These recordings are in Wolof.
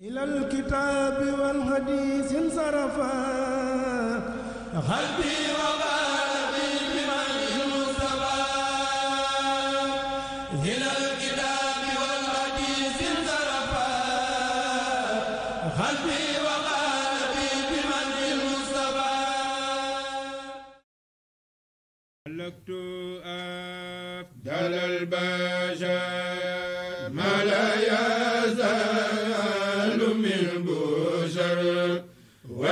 إلى الكتاب والحديث انصرفا قلبي وقال بمنه المصطفى إلى الكتاب والحديث انصرفا قلبي وقال بمنه المصطفى ملكت أبدل البشر ملايا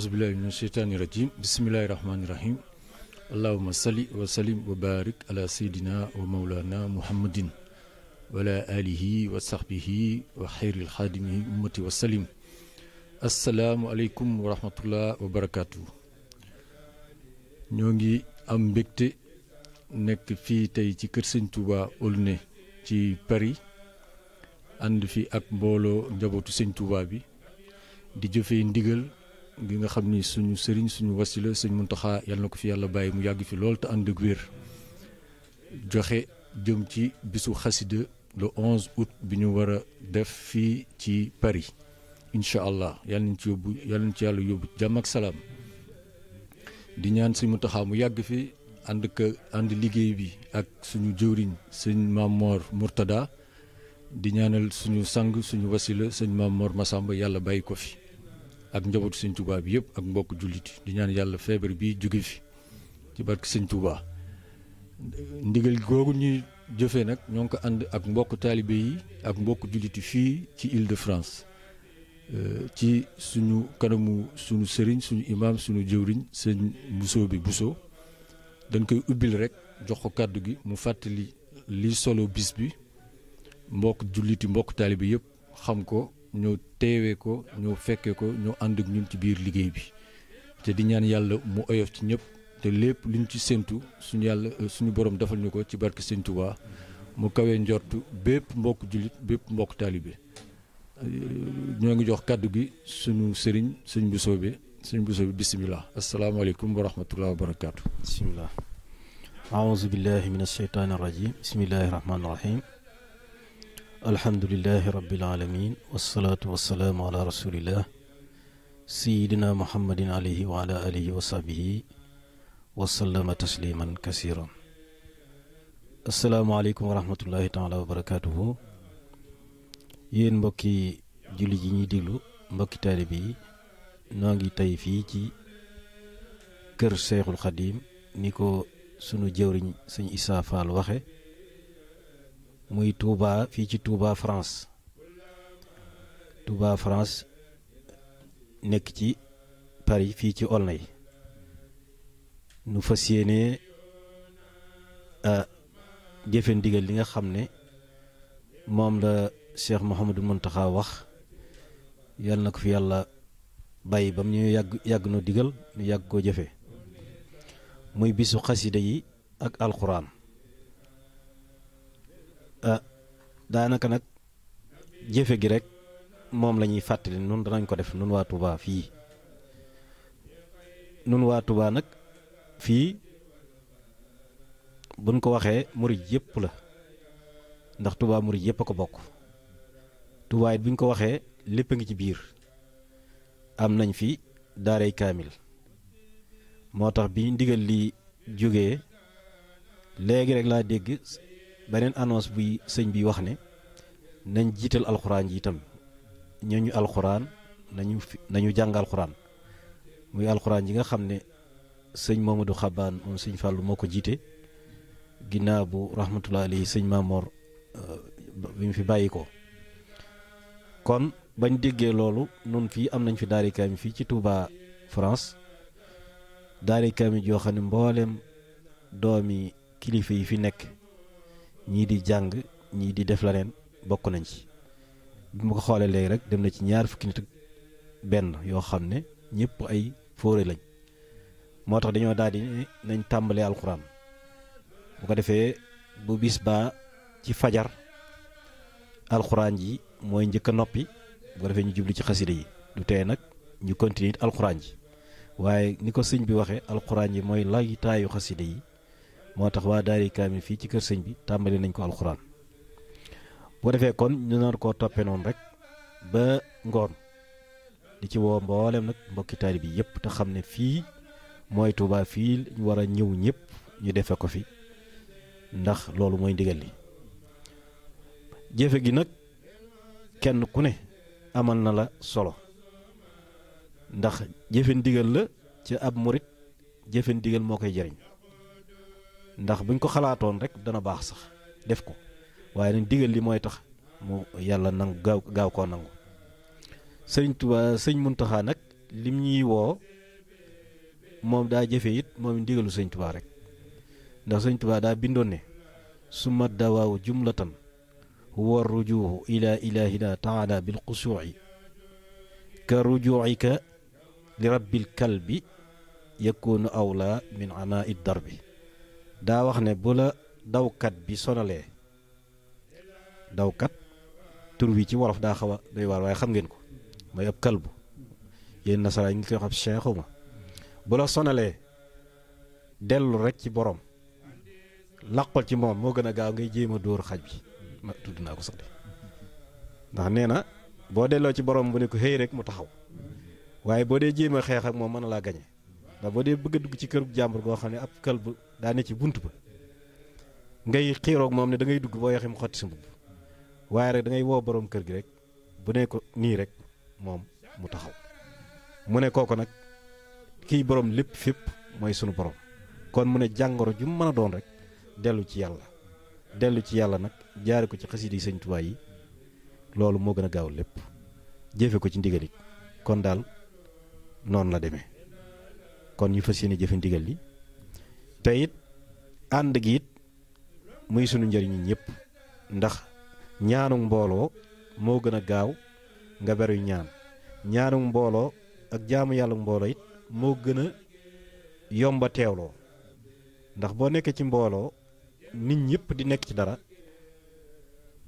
aousubillahi min asheytaani irajim bisimillahi rahmaanirahim allahuma salli wa salim wa barik ala seydina wa maulana muhammadin wa ala wa sahbihi wa xeyril xaadimi ummati wa salim asalaamualeykum wa rahmatullah wa barakaatu ñoo ngi am mbégte nekk fii tey ci kër sëñ Touba Aulnay ci Paris ànd fi ak mbooloo njabootu sëñ Touba bi di jëfee ndigal gi nga xam ni suñu sëriñ suñu wasila suñ Muntaxa yàlla ko fi yàlla bàyyi mu yàgg fi lool te ànd ak wér joxe jëm ci bisu xasida le 11 août bi ñu war a def fii ci Paris incha allah yàlla nañ ci yóbbu yàlla nañ ci yàlla yóbbu jàmm ak salaam di ñaan suñu Muntaxa mu yàgg fi ànd ka ànd liggéey bi ak suñu jëwriñ sëñ Mamor Mourtada di ñaanal suñu sang suñu wasila sëñ moor Massamba yàlla bàyyi ko fi. ak njabootu sëñ Touba bi yëpp ak mbokk jullit di ñaan yàlla feebar bi jóge fi ci barke sëñ Touba ndigal googu ñuy jëfee nag ñoo ngi ko ànd ak mbokk taalibe yi ak mbokk jullit fii ci Île-de-France euh, ci suñu kanamu suñu sëriñ suñu imaam suñu jëwriñ sëñ Bousso bi Bousso dañ koy ubbil rek jox ko kàddu gi mu fàttali li solo bis bi mbokk julliti mbokk taalibe yëpp xam ko ñu teewee ko ñu fekkee ko ñu ànd ak ñun ci biir liggéey bi te di ñaan yàlla mu oyof ci ñëpp te lépp luñ ci séntu suñu yàlla suñu borom defal ñu ko ci barke Sëñ Tuubaa mu kawee njortu bépp mbokk jullit bépp mbokk taalibe ñoo ngi jox kàddu gi suñu sëriñ sëñ bu soobee sëñ bu soobee bisimilah asalaamaaleykum wa rahmatullah wa barakaatu bisimilah aouzu billahi min asheytaani rajim bisimillahi alhamdulilahi rabbil alamin wasalaatu wasalaamu ala rasulillah sayidina muhammadin alayhi wa ala alihi wa sahbihi wasallama tasliman kasiran asalaamaaleykum wa rahmatullahi taala wa barakatuhu yéen mbokki julli ji ñuy déglu mbokki taalibe yi noo ngi tey fii ci kër Seexul Xadiim ni ko sunu jëwriñ sëñ Issa Fall waxe muy Touba fii ci Touba France Touba France nekk ci Paris fii ci Aulnay nu fas yéene euh, jëfe ndigal li nga xam ne moom la Cheikh Mouhamadou Mountakha wax yàlla na ko fi yàlla bàyyi ba mu ñu yàgg yàgg noo digal ñu yàgg koo jëfe muy bisu xasida yi ak alxuraan Euh, daanaka nag jëfe gi rek moom la ñuy fàttali nun danañ ko def nun waa Touba fii nun waa Touba nag fii buñ ko waxee murid yépp la ndax tubaa murid yëpp a ko bokk Touba it buñ ko waxee lépp a ngi ci biir am nañ fi daaray kaamil moo tax bi ndigal li jógee léegi rek laa dégg beneen annonce buy sëñ bi wax ne nañ jiital alxuraan ji itam ñooñu alxuraan nañu nañu jàng alxuraan muy alxuraan ji nga xam ne sëñ Mamadou Xabaan moom sëñ Fàllu moo ko jiite ginnaaw bu rahmatulah alayhi sëñ Maamoor euh, bi mu fi bàyyi ko kon bañ déggee loolu nun fii am nañ fi daari kaamil fii ci Touba France daari kaamil joo xam ne mbooleem doomi kilifa yi fi nekk ñii di jàng ñii di def leneen bokk nañ ci bi ma ko xoolee léegi rek dem na ci ñaar fukki nit ak benn yoo xam ne ñëpp ay fóore lañ moo tax dañoo daal di nañ tàmbalee alxuraan bu ko defee bu bis baa ci fajar alxuraan ji mooy njëkk noppi bu ko defee ñu jublu ci xasida yi du tee nag ñu continuer alxuraan ji waaye ni ko sëñ bi waxee alxuraan ji mooy laytaayu xasida yi moo tax waa daari kaamil fii ci kër sëñ bi tàmbali nañ ko alxuraan boo defee kon ñu nar koo toppee noonu rek ba ngoon li ci woo mboolem nag mbokki taalibe yi yëpp te xam ne fii mooy Tuubaa fii ñu war a ñëw ñëpp ñu defe ko fi ndax loolu mooy ndigal li jëfe gi nag kenn ku ne amal na la solo ndax jëfe ndigal la ci ab morit jëfe ndigal moo koy jëriñ ndax buñ ko xalaatoon rek dana baax sax def ko waaye nañ digal li mooy tax mu yàlla nangu gaaw gaaw koo nangu sëriñ Tuubaa sëñ Muntaxa nag lim ñuy woo moom daa jëfe it moom ndigalu sëñ Tuubaa rek ndax sëñ Tuubaa daa bindoon ne su ma dawaaw jumlatan war rujuuhu ilaa ilaahina taala bil xusuuci ka rujuucika li rabbil kalbi yakunu awla min amaa id darbi daa wax ne bu la dawkat bi sonalee dawkat tur wi ci wolof daa xaw a doy waar waaye xam ngeen ko mooy ab kalbu yéen nasara yi ngi koy wax ab cheikhuma bu la sonalee dellu rek ci boroom laqal ci moom moo gën a gaaw ngay jéem a dóor xaj bi ma tudd naa ko sax de ndax nee na boo delloo ci borom bu ne ko xëy rek mu taxaw waaye boo dee jéem a xeex ak moom mën a laa gañe ndax boo dee bëgg a dugg ci kër jàmbur goo xam ne ab kël bu daa ci bunt ba ngay xiiroog moom ne da ngay dugg boo yoxe mu xotti sa mbubb waaye rek da ngay woo kër gi rek bu ne ko nii rek moom mu taxaw mu ne koo ko nag kiy borom lépp fépp mooy sunu borom kon mu ne jàngoro ju mën a doon rek dellu ci yàlla dellu ci yàlla nag jaare ko ci xasida yi sëñ Tuubaa yi loolu moo gën a gaaw lépp jëfe ko ci ndigal it kon daal noonu la demee kon ñu fas yéene jëfe ndigal li te it ànd gi it muy sunu njëriñu ñëpp ndax ñaanu mbooloo moo gën a gaaw nga beru ñaan ñaanu mbooloo ak jaamu yàlla mbooloo it moo gën a yomb teewloo ndax boo nekkee ci mbooloo nit ñëpp di nekk ci dara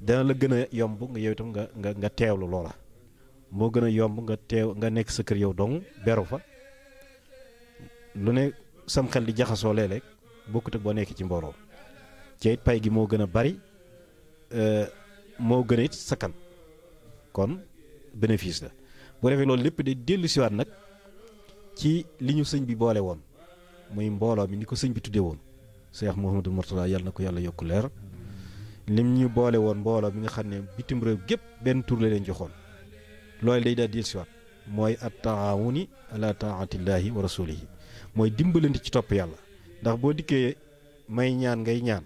dana la gën a yomb nga yow itam nga nga teewlu loola moo gën a yomb nga teew nga nekk sa kër yow dong beru fa lu ne sam xel di jaxasoo léeg-léeg bokkut boo nekkee ci mbooloo ci pay gi moo gën a bari eh, moo gën a it sakkan kon bénéfice la bu defee loolu lépp di dellu siwaat nag ci li ñu sëñ bi boole woon muy mbooloo mi ni ko sëñ bi tuddee woon Cheikh Mouhamadou Mourtada yàlla na ko yàlla yokku leer lim ñu boole woon mbooloo mi nga xam ne bitim réew gépp benn tur la leen joxoon loolu day daal dellu siwaat mooy at taawuni ala taatillaahi wa rasulihi mooy dimbalante ci topp yàlla ndax boo dikkee may ñaan ngay ñaan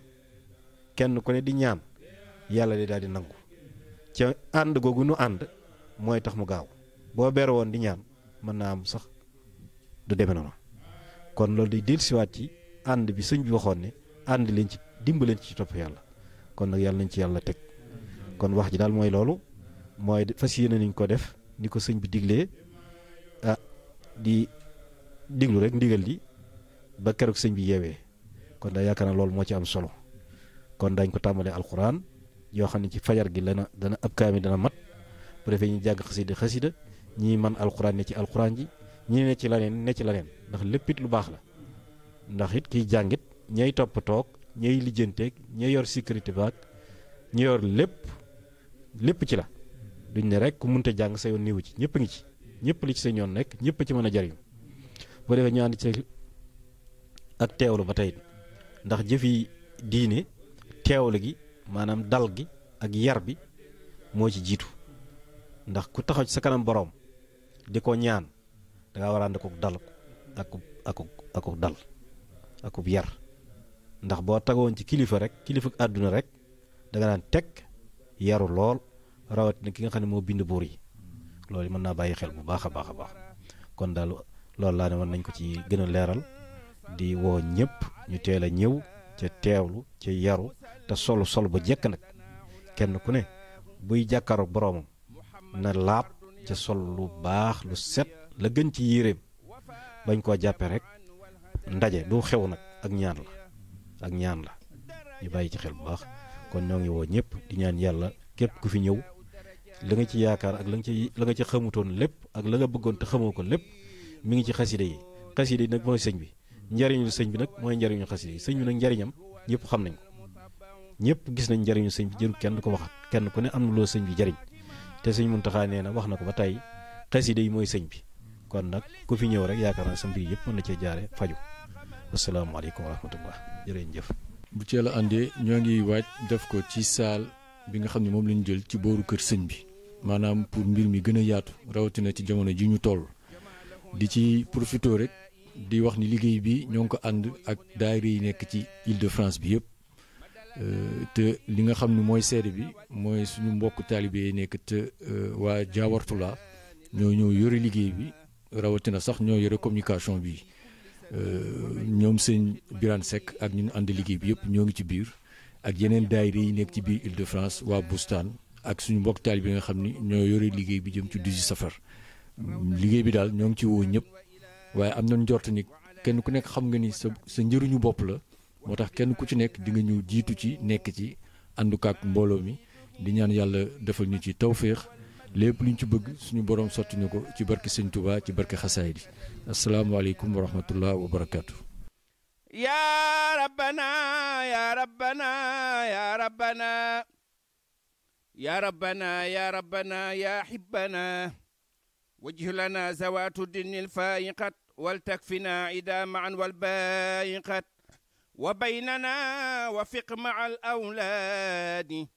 kenn ku ne di ñaan yàlla di daal di nangu ca ànd googu nu ànd mooy tax mu gaaw boo beer woon di ñaan mën naa am sax du demee noonu kon loolu di dellusiwaat yi ànd bi sëñ bi waxoon ne ànd leen ci dimbaleen ci topp yàlla kon nag yàlla nañ ci yàlla teg kon wax ji daal mooy loolu mooy fas yéene nañ ko def ni ko sëñ bi diglee ah, di diglu rek ndigal li ba keroog sëñ bi yeewee kon da yaakaar naa loolu moo ci am solo kon dañ ko tàmbalee alxuraan yoo xam ne ci fajar gi lana dana ab kaami dana mat bu defee ñu jàng xasida xasida ñii man alxuraan ne ci alxuraan ji ñii ne ci laneen ne ci laneen ndax lépp it lu baax la ndax it kiy jàngit ñay topp toog ñay lijjanteeg ñay yor sécurité baag ñu yor lépp lépp ci la duñ ne rek ku munte jàng sa yoon néewu ci ñëpp ngi ci ñëpp li ci sa ñoon nekk ñëpp ci mën a jariñ bu defee ñaan ci ak teewlu ba tey ndax jëfi diine teewlu gi maanaam dal gi ak yar bi moo ci jiitu ndax ku taxaw ci sa kanam boroom di ko ñaan danga nga war ko dal ak ak ak dal akub yar ndax boo tagoon ci kilifa rek kilifa àdduna rek danga nga teg yaru lool rawatina ki nga xam ne moo bind buur yi loolu mën naa bàyyi xel bu baax a baax a baax kon daal. loolu laa ne woon nañ ko ci gën a leeral di woo ñëpp ñu teel a ñëw ca teewlu ca yaru te solu sol ba jekk nag kenn ku ne buy jàkkaaroog boroomam na laab ca sol lu baax lu set la gën ci yéreem bañ koo jàppee rek ndaje du xew nag ak ñaan la ak ñaan la ñu bàyyi ci xel bu baax kon ñoo ngi woo ñëpp di ñaan yàlla képp ku fi ñëw li nga ci yaakaar ak la nga ci la nga ci xamutoon lépp ak la nga bëggoon te xamoo ko lépp mi ngi ci xasida yi xasida yi nag mooy sëñ bi njariñul sëñ bi nag mooy njariñu xasida yi sëñ bi nag njariñam ñëpp xam nañ ko ñëpp gis nañ njariñu sëñ bi jëru kenn du ko waxat kenn ku ne am na loo sëñ bi jariñ te sëñ mun taxaanee na wax na ko ba tey xasida yi mooy sëñ bi kon nag ku fi ñëw rek yaakaar na sa mbir yëpp mën na cee jaare faju asalaamaaleykum wa rahmatullah jëf bu ci la àndee ñoo ngi waaj def ko ci saal bi nga xam ne moom lañu jël ci booru kër sëñ bi maanaam pour mbir mi gën a yaatu rawatina ci jamono ji ñu toll di ci profito rek di wax ni liggéey bi ñoo ngi ko ànd ak daayira yi nekk ci Île de France bi yëpp euh, te li nga xam ni mooy seede bi mooy suñu mbokk taalibe yi nekk te euh, waa Jaawartulaa ñoo ñëw yore liggéey bi rawatina sax ñoo yore communication bi euh, ñoom sëñ Birane Seck ak ñu ñun ànd liggéey bi yëpp ñoo ngi ci biir ak yeneen daayira yi nekk ci biir Île de France waa Boustan ak suñu mbokk taalibe yi nga xam ni ñoo yore liggéey bi jëm ci si safar liggéey bi daal ñoo ngi ci woo ñëpp waaye am na njort ni kenn ku nekk xam nga ni sa sa njëriñu bopp la moo tax kenn ku ci nekk dinga nga ñu jiitu ci nekk ci àndukaak mbooloo mi di ñaan yàlla defal ñu ci tawféex lépp luñ ci bëgg suñu boroom sotti ñu ko ci barke Sëñ Tuubaa ci barke xasaay di asalaamaaleykum wa rahmatullah wa barakaatu. yaa rabbana yaa rabbana yaa rabbana yaa rabbana yaa rabbana yaa xibbana wajhu lana zawatu dinil faayiqat wal takfina ida maan wal baayiqat wa baynana wa fiq maa al awlaadi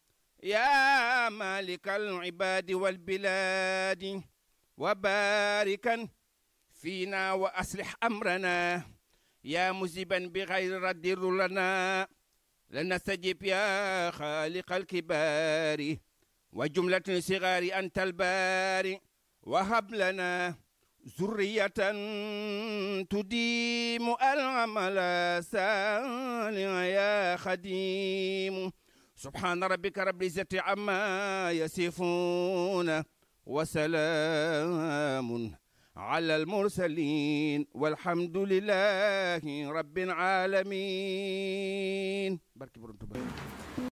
yaa malika al ibaadi wal bilaadi wa baarikan fiina wa aslix amrana yaa musiban bi xayri raddi lana lanastajib yaa xaaliqal kibaari wa jumlatin sigaari antal baari وهب لنا ذرية تديم العمل سالعا يا خديم سبحان ربك رب العزة عما يصفون وسلام على المرسلين والحمد لله رب العالمين